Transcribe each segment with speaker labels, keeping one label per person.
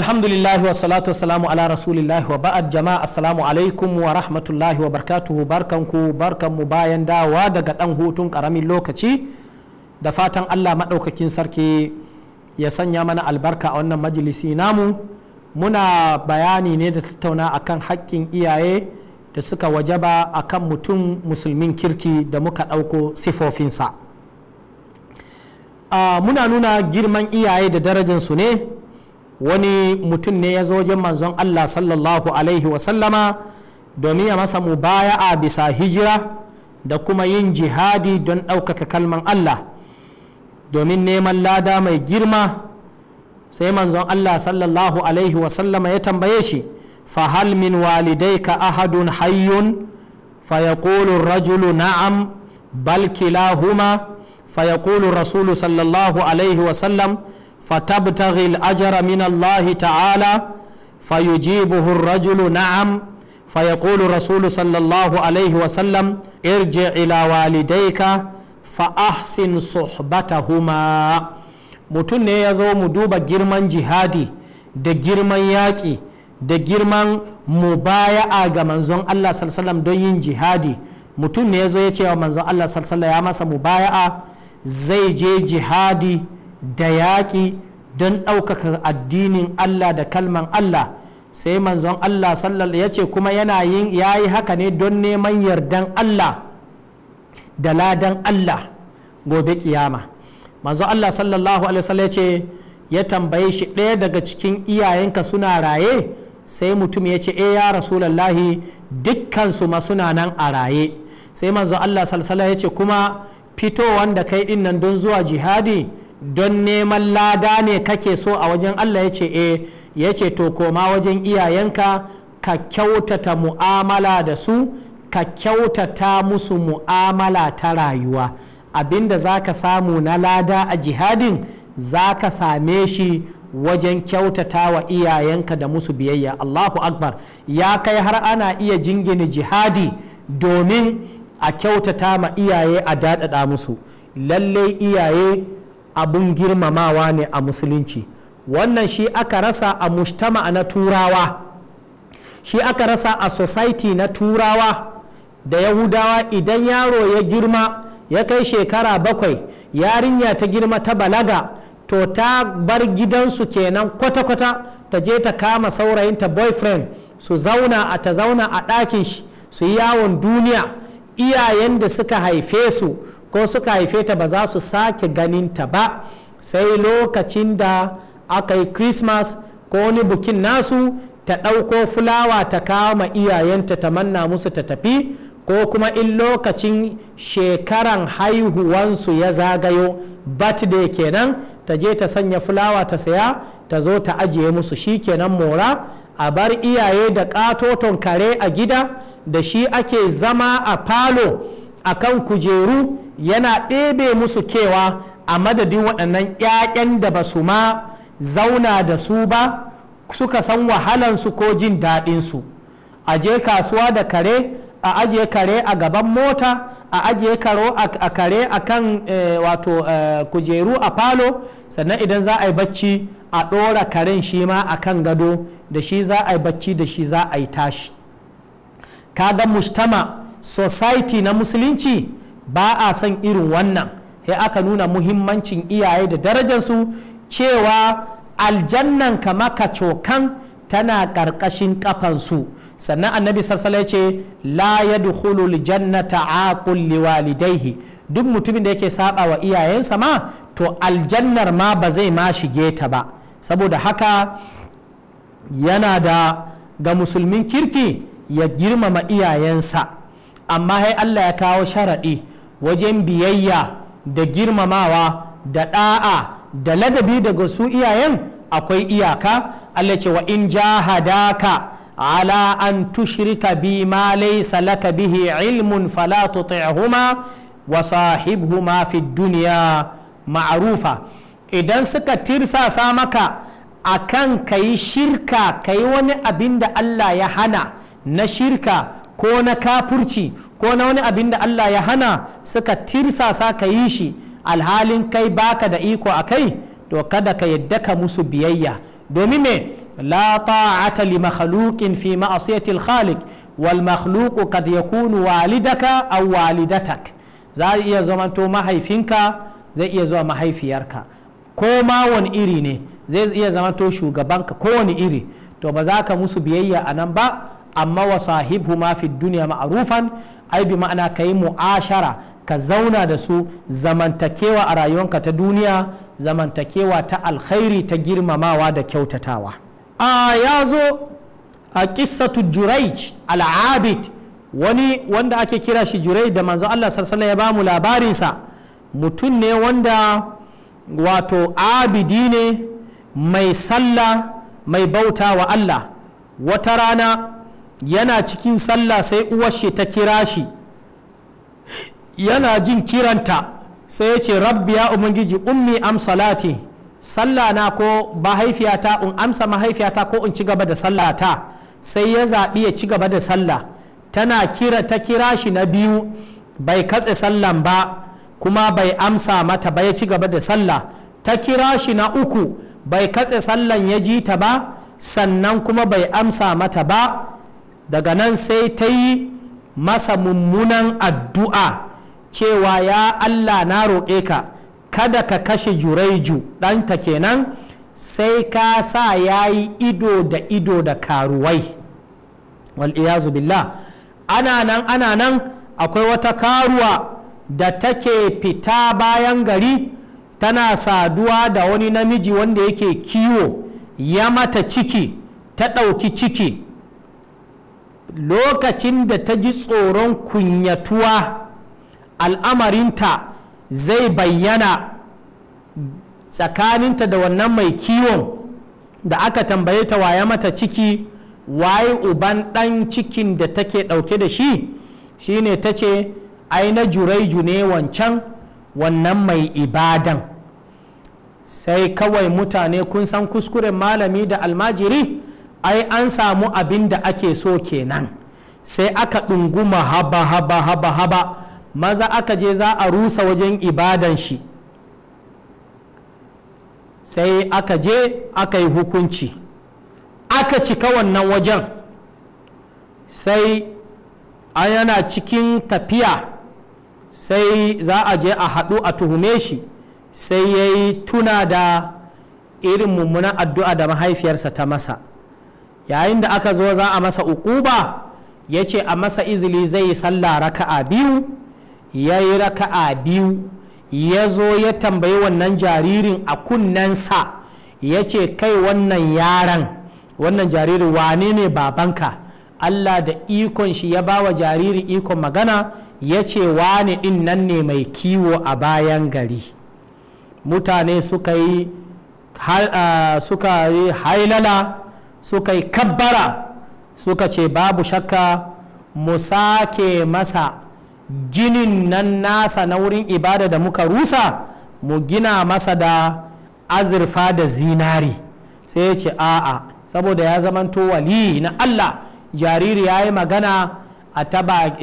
Speaker 1: alhamdulillahi wa salatu salamu ala rasulillahi wa ba'ad jama'a assalamu alaikum wa rahmatullahi wa barkatuhu barkanku mu bayan dawa daga dan hutun karamin lokaci da fatan Allah maɗaukakin sarki ya sanya mana albarka a wannan majalisi namu muna bayani ne da tattauna akan haƙƙin iyaye da suka wajaba akan mutum musulmin kirki da muka ɗauko sifofinsa ah, muna nuna girman iyaye da darajansu ne wani mutum ne ya zo wajen manzon Allah sallallahu alaihi wasallama domin ya masa mu baya a bisa hijira da kuma yin jihadi don ɗaukaka kalman Allah domin neman lada mai girma sai manzon Allah sallallahu alaihi wasallama ya tambaye shi fahal min ka ahadun hayyun fayaqulu rajulu na'am bal kilahuma fayaqulu rasulu sallallahu alaihi wasallam fatabtaghi al-ajra min Allah ta'ala fayujibuhu ar-rajulu na'am fayaqulu rasulu sallallahu alaihi wasallam irji ila walidayka fa ahsin suhbatahuma mutum ne ya zo mu duba girman jihadi da girman yaƙi da girman mubaya'a ga manzon Allah sallallahu don yin jihadi mutum ne ya zo ya ce wa manzon Allah sallallahu ya masa mubaya'a zai je jihadi da yaƙi don ɗaukaka addinin Allah da kalman Allah sai manzon Allah sallallahu ya ce kuma yana yin ya yi haka ne don neman yardan Allah da ladan Allah gobe kiyama manzon Allah sallallahu alaihi wasallam ya ce ya tambaye shi ɗaya daga cikin iyayenka suna raye sai mutum ya ce e ya rasu rasulallahi dukkansu ma suna nan a raye sai manzon Allah sallallahu ya ce kuma fitowan da kai ɗinnan don zuwa jihadi don neman lada ne kake so a wajen Allah ya ce e ya ce to koma wajen iyayenka ka kyautata mu'amala da su ka kyautata musu mu'amala ta rayuwa abinda za ka samu na lada a jihadin za ka same shi wajen kyautata wa iyayenka da musu biyayya Allahu akbar ya kai har ana iya jingini jihadi domin a kyautata ma iyaye a daɗaɗa musu lallai iyaye abun girmamawa ne a musulunci wannan shi aka rasa a mujtama na turawa shi aka rasa a society na turawa da yahudawa idan yaro ya girma ya kai shekara bakwai yarinya ta girma ta balaga to ta bar gidansu kenan kwata-kwata ta je ta kama saurayinta boyfriend su zauna a ta zauna a ɗakin shi su yi yawon duniya iyayen da suka haife su ko suka haife ta ba za su sake ganin ta ba sai lokacin da aka yi christmas ko wani bukin nasu ta ɗauko fulawa ta kama iyayenta ta manna musu ta tafi ko kuma in lokacin shekaran haihuwansu ya zagayo birthday kenan ta je ta sanya fulawa ta saya ta zo ta ajiye musu shi kenan mora a bar iyaye da ƙatoton kare a gida da shi ake zama a falo akan kujeru yana ɗebe musu kewa a madadin waɗannan 'ya'yan da ba su ma zauna da su ba suka san wahalansu ko jin daɗinsu a je kasuwa da kare a ajiye kare a gaban mota a ajiye karo a kare a kan eh, wato eh, kujeru a falo sannan idan za a yi bacci a ɗora karen shi ma a kan gado da shi za a yi bacci da shi za a yi tashi kaga mustama society na musulunci ba a son irin wannan sai aka nuna muhimmancin iyaye da darajarsu cewa aljannan kama cokan tana ƙarƙashin ƙafansu sannan annabi sarsala ya ce la ya jannata aqul liwalidaihi duk mutumin da yake saba wa iyayensa ma to aljannar ma ba zai ma shige ta ba saboda haka yana da ga musulmin kirki ya girmama iyayensa amma sai Allah ya kawo sharaɗi wajen biyayya da girmamawa da ɗa'a da ladabi daga su iyayen akwai iyaka Allah ce wa in jahadaka ala an tushrika bi ma laysa laka bihi ilmun fala tuti'huma wa sahibhuma fi dunya ma'rufa idan suka tirsasa maka akan kayi shirka kayi wani abin da Allah ya hana na shirka ko na kafurci ko na wani abin da Allah ya hana suka tirsasa ka yi shi alhalin kai baka da iko a kai to kada ka yadda ka musu biyayya domin me la ta'ata li makhluqin fi ma'siyati al-khaliq wal makhluq kad yakunu walidaka aw walidatak za iya zamanto mahaifinka zai iya zuwa mahaifiyarka ko ma wani iri ne zai iya zamanto shugabanka ko wani iri to ba za ka musu biyayya a nan ba amma wa sahibu ma fi duniya ma'arufan ai bi ma'ana ka yi mu'ashara ka zauna da su zamantakewa a rayuwanka ta duniya zamantakewa ta alkhairi ta girmamawa da kyautatawa a ya zo a kissatu juraij al'abid wani wanda ake kira shi jurai da manzo Allah sarsala ya bamu labarinsa mutum ne wanda wato abidi ne mai sallah mai bauta wa Allah wata rana yana cikin sallah sai uwarshi ta kira shi yana jin kiranta sai ya ce rabbi ya ubangiji ummi am salati sallah na ko mahaifiyata in amsa mahaifiyata ko in ci gaba da sallata sai ya zaɓi ya ci gaba da sallah tana kira ta kira shi na biyu bai katse sallan ba kuma bai amsa mata ba ya ci gaba da sallah ta kira shi na uku bai katse sallan ya ji ta ba sannan kuma bai amsa mata ba daga nan sai ta yi masa mummunan addu'a cewa ya Allah na roƙe ka kada ka kashe juraiju ɗanta kenan sai ka sa ya yi ido da ido da karuwai wal'iyazu billah ana nan ana nan akwai wata karuwa da take fita bayan gari tana saduwa da wani namiji wanda yake kiwo ya mata ciki ta ɗauki ciki lokacin da ta ji tsoron kunyatuwa al'amarinta zai bayyana tsakaninta da wannan mai kiwon da aka tambaye ta waya mata ciki waye uban ɗan cikin da take ɗauke da shi shine ta ce ai na juraiju ne wancan wannan mai ibadan sai kawai mutane kun san kuskuren malami da almajiri ai an samu abin da ake so kenan sai aka ɗunguma haba haba haba haba maza aka je za a rusa wajen ibadan shi sai aka je aka yi hukunci aka cika wannan wajen sai a yana cikin tafiya sai za a je a haɗu a tuhume shi sai ya yi tuna da irin mummunan addu'a da mahaifiyarsa ta masa yayin da aka zo za a masa ukuba ya ce a masa izili zai yi sallah raka'a biyu ya yi raka'a biyu ya zo ya tambayi wannan jaririn a kunnensa ya ce kai wannan yaran wannan jaririn wane ne babanka allah da ikon shi ya ba wa jariri ikon magana ya ce wane din nan ne mai kiwo a bayan gari mutane suka yi ah, hailala suka yi kabbara suka ce babu shakka mu sake masa ginin nan nasa na wurin ibada da muka rusa mu gina masa da azurfa da zinari sai ya ce a'a saboda ya zamanto wali na allah jariri ya yi magana a taba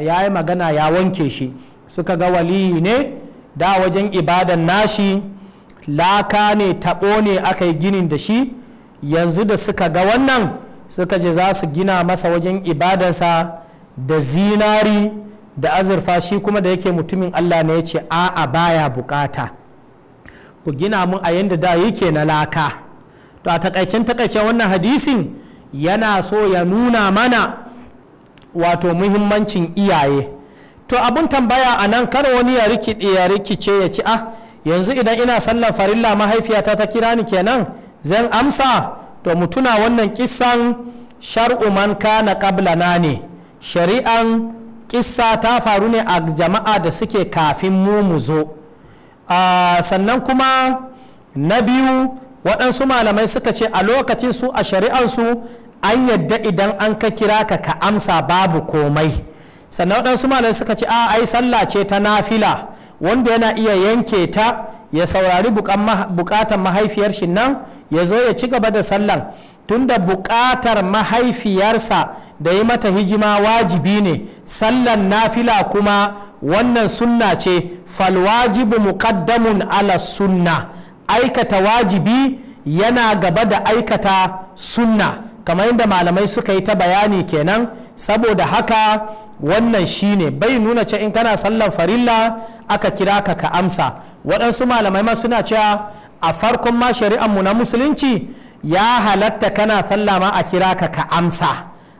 Speaker 1: ya yi magana ya wanke shi suka ga wali ne da wajen ibadan nashi laka ne tabo ne aka yi ginin da shi yanzu da suka ga wannan suka je za su gina masa wajen ibadarsa da zinari da azurfa shi kuma da yake mutumin allah ne ya ce a'a baya bukata ku gina mun a yadda da yake na laka to a takaicen takaicen wannan hadisin yana so ya nuna mana wato muhimmancin iyaye to abun tambaya a nan kar wani ya rikice ya rikice ya ci ah yanzu idan ina sallar farilla mahaifiyata ta kira ni kenan zan amsa to mu tuna wannan kisan shar'u man kana qablana ne shari'an kissa ta faru ne a jama'a da suke kafin mu mu zo sannan kuma na biyu waɗansu malamai suka ce a lokacin su a shari'ansu an yadda idan an ka kira ka ka amsa babu komai sannan waɗansu malamai suka ce a ai sallah ce ta nafila wanda yana iya yanke ta ya saurari bukatar mahaifiyar shi nan ya zo ya ci gaba da sallan tunda bukatar mahaifiyarsa da yi mata hijima wajibi ne sallan nafila kuma wannan sunna ce falwajibu muqaddamun ala sunna aikata wajibi yana gaba da aikata sunna kamar yadda malamai suka yi ta bayani kenan saboda haka wannan shine bai nuna ce in kana sallan farilla aka kira ka ka amsa waɗansu malamai ma suna cewa a farkon ma mu na musulunci ya halatta kana sallah ma a kira ka ka amsa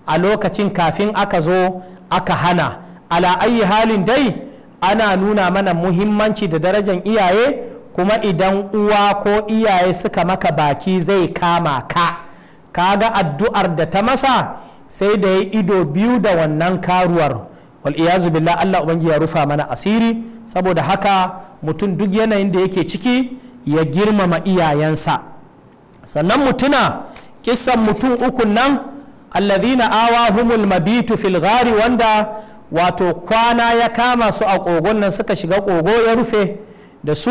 Speaker 1: a lokacin kafin aka zo aka hana ala ayi halin dai ana nuna mana muhimmanci da darajar iyaye kuma idan uwa ko iyaye suka maka baki zai kama ka kaga addu'ar da ta masa sai da ya ido biyu da wannan karuwar wal billah Allah ubangiji ya rufa mana asiri saboda haka mutum duk yanayin da yake ciki ya girmama iyayensa sannan mutuna kissan mutum ukun nan alladhina awahumul mabitu fil ghari wanda wato kwana ya kama su a kogon nan suka shiga kogo ya rufe da su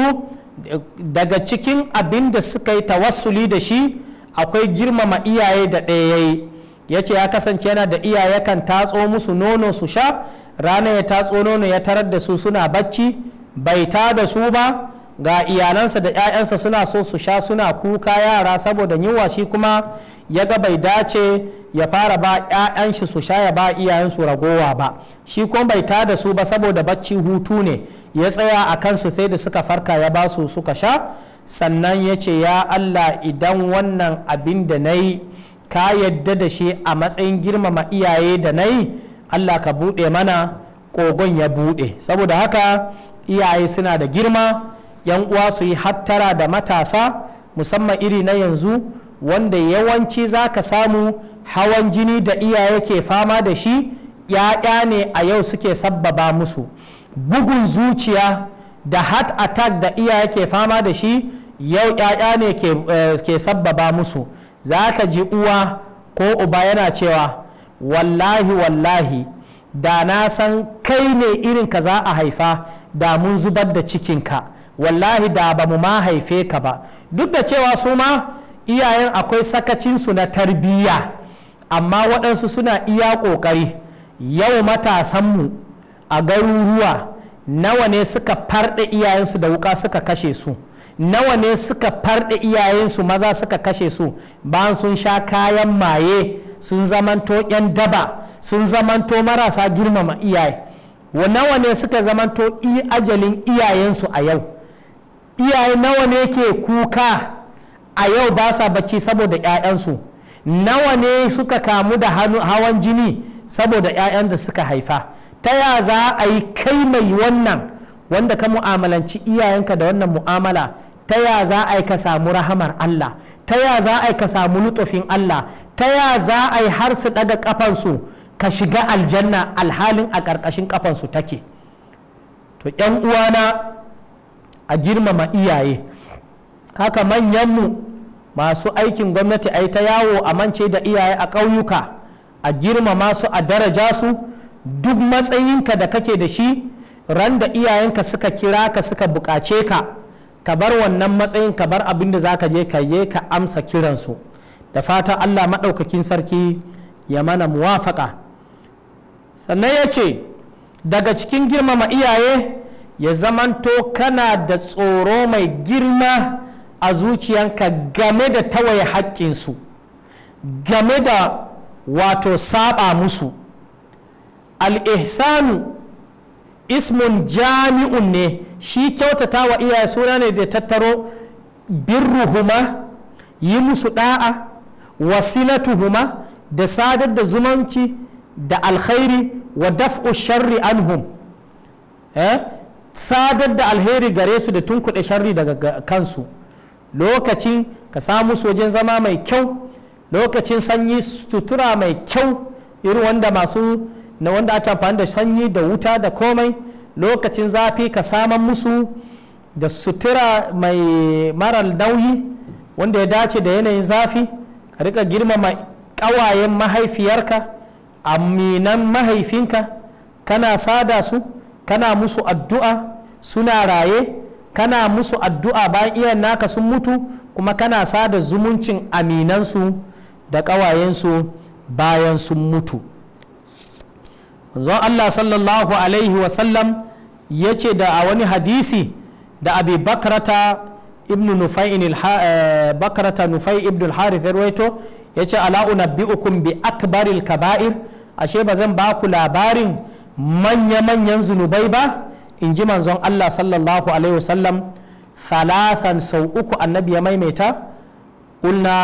Speaker 1: daga cikin abin da suka yi tawassuli da shi akwai girmama iyaye da ɗaya yayi ya ce ya kasance yana da iyaye kan tatso musu nono su sha ranar ya tatso nono ya tarar da su suna bacci bai ta da su ba ga iyalansa da 'ya'yansa suna so su sha suna kuka yara saboda yunwa shi kuma ya ga bai dace ya fara ba 'ya'yan shi su sha ya ba iyayensu ragowa ba shi kuma bai ta da su ba saboda bacci hutu ne ya tsaya a kansu sai da suka farka ya ba su suka sha sannan ya ce ya allah idan wannan abin da na yi ka yadda da shi a matsayin girmama iyaye da na yi allah ka buɗe mana kogon ya buɗe saboda haka iyaye suna da girma yan uwa su yi hattara da matasa musamman iri na yanzu wanda yawanci za ka samu hawan jini da iyaye ke fama da shi ‘ya'ya ne a yau suke sabbaba musu bugun zuciya da heart attack da iyaye ke fama da shi yau ‘ya'ya ne ke, uh, sabbaba musu za ka ji uwa ko uba yana cewa wallahi wallahi da na san kai ne irin ka za a haifa da mun zubar da cikinka wallahi da ba mu ma haife ka ba duk da cewa su ma iyayen akwai sakacinsu na tarbiyya amma waɗansu suna iya ƙoƙari yau matasanmu a garuruwa nawa ne suka farɗe iyayensu da wuƙa suka kashe su nawa ne suka farɗe iyayensu maza suka kashe su bayan sun sha kayan maye sun zamanto 'yan daba sun zamanto marasa girmama iyaye nawa ne suka zamanto ajalin iyayensu a yau iyaye nawa ne ke kuka a yau ba sa bacci saboda 'ya'yansu nawa ne suka kamu da hawan jini saboda 'ya'yan da suka haifa ta ya za a yi kai mai wannan wanda ka mu'amalanci iyayenka da wannan mu'amala ta ya za a yi ka samu rahamar Allah ta ya za a yi ka samu lutufin Allah ta ya za a yi har su ɗaga kafansu ka shiga aljanna alhalin a ƙarƙashin kafansu take to 'yan uwana a girmama iyaye haka manyanmu masu aikin gwamnati a yi ta yawo a mance da iyaye a ƙauyuka a girmama su a daraja su duk matsayinka da kake da shi ran da iyayenka suka kira ka suka buƙace ka ka bar wannan matsayin ka bar abin da za ka je ka je ka amsa kiransu da fatan allah maɗaukakin sarki ya mana muwafaƙa sannan ya ce daga cikin girmama iyaye ya zamanto kana da tsoro mai girma a zuciyanka game da tawaye haƙƙinsu game da wato saba musu al-ihsanu ismun jami'un ne shi kyautata wa iyaye suna ne da tattaro birruhuma yi musu da'a wasilatuhuma da sadar da zumunci da alkhairi wa daf'u sharri anhum eh? sadar da alheri gare su da tunkuɗe sharri daga kansu lokacin ka samu wajen zama mai kyau lokacin sanyi sutura mai kyau irin wanda masu na wanda ake amfani da sanyi da wuta da komai lokacin zafi ka saman musu da sutura mai mara nauyi wanda ya dace da yanayin zafi ka rika girmama ƙawayen mahaifiyarka aminan mahaifinka kana sada su kana musu addu'a suna raye kana musu addu'a bayan iyan naka sun mutu kuma kana sada zumuncin aminansu da ƙawayensu bayan sun mutu manzon Allah sallallahu alaihi wasallam ya ce da a wani hadisi da abi bakrata ibn nufai eh, bakrata nufai ibn harith ya ya ce ala bi akbaril kaba'ir ashe ba zan ba ku labarin manya-manyan zunubai ba in ji manzon Allah sallallahu alaihi wasallam thalathan sau uku annabi ya maimaita ƙulna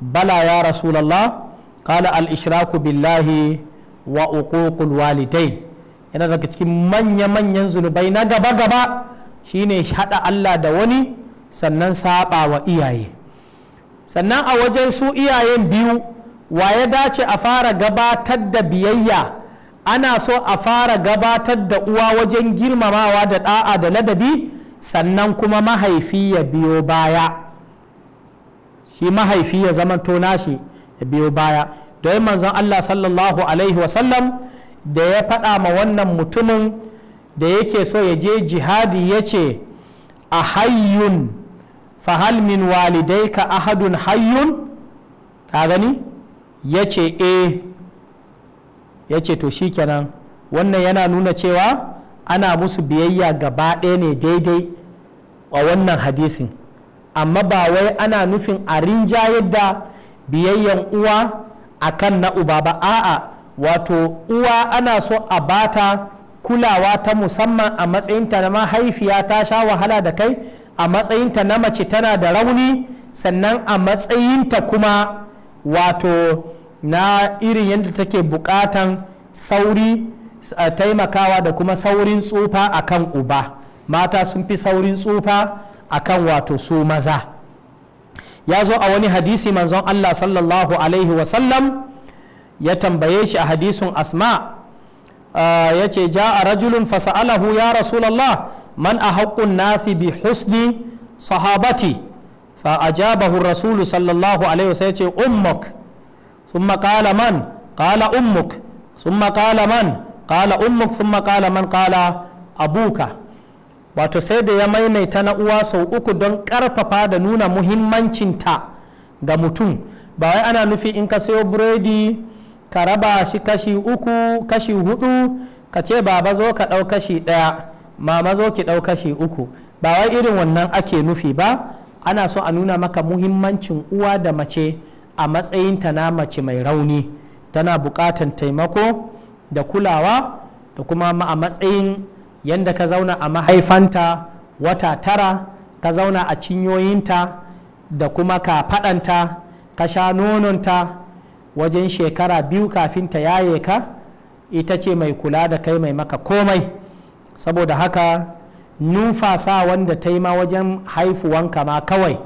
Speaker 1: bala ya rasulallah kala al-ishraku billahi wa uququl walidain yana daga cikin manya-manyan zunubai na gaba-gaba shine haɗa Allah da wani sannan saɓawa wa iyaye sannan a wajen su iyayen biyu wa ya dace a fara gabatar da biyayya ana so a fara gabatar da uwa wajen girmamawa da da'a da ladabi sannan kuma mahaifi ya biyo baya shi mahaifi ya zamanto nashi ya biyo baya don manzon Allah sallallahu alaihi wasallam da ya faɗa ma wannan mutumin da yake so ya je jihadi ya ce a hayyun fahal min ka ahadun hayyun ta gani ya ce eh ya ce to kenan wannan yana nuna cewa ana musu biyayya gaba ɗaya ne daidai a wannan hadisin amma ba wai ana nufin a rinjayar da biyayyan uwa a kan na uba ba a'a wato uwa ana so a bata kulawa ta musamman a matsayinta na mahaifiya ta sha wahala da kai a matsayinta na mace tana da rauni sannan a matsayinta kuma wato na irin yadda take bukatan sauri taimakawa da kuma saurin tsufa akan uba mata sun fi saurin tsufa akan wato su maza ya zo a wani hadisi manzon allah sallallahu alaihi wasallam ya tambaye shi a hadisun asma ya ce ja a rajulun fasa'alahu ya rasulallah man a haƙƙun nasi bi husni sahabati fa ajabahu rasulu sallallahu alaihi wasallam ya ce ummuk ثم قال من قال أمك ثم قال من قال أمك ثم قال من قال أبوك wato sai da ya maimaita na uwa sau uku don karfafa da nuna muhimmancinta ga mutum ba wai ana nufi in ka sayo buredi ka raba shi kashi uku kashi hudu ka ce baba zo ka ɗau kashi ɗaya mama zo ki ɗau kashi uku ba wai irin wannan ake nufi ba ana so a nuna maka muhimmancin uwa da mace a matsayin ta na mace mai rauni tana buƙatan taimako da kulawa da kuma a matsayin yadda ka zauna a mahaifanta wata tara ka zauna a cinyoyinta da kuma ka faɗanta ka sha nononta wajen shekara biyu kafin ta yaye ka ita ce mai kula da kai mai maka komai saboda haka numfasa wanda ta yi ma wajen haifuwanka ma kawai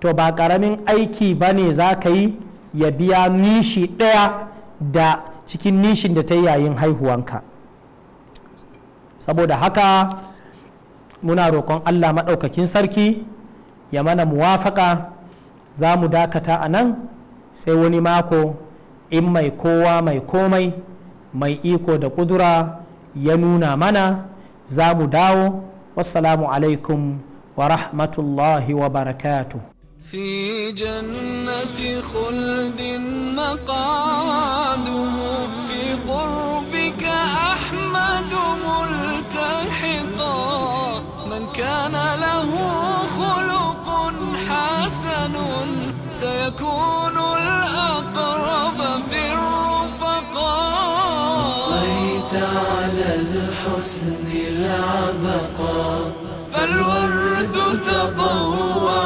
Speaker 1: to ba ƙaramin aiki ba ne za ka yi ya biya nishi ɗaya da cikin nishin da ta yi yayin haihuwanka saboda haka muna roƙon allah maɗaukakin sarki ya mana muwafaƙa za mu dakata a nan sai wani mako in mai kowa mai komai mai iko da ƙudura ya nuna mana za mu dawo wassalamu alaikum wa rahmatullahi wa barakatuh في جنة خلد مقعده في قربك أحمد ملتحقا من كان له خلق حسن سيكون الأقرب في الرفقا طفيت على الحسن العبقا فالورد تضوى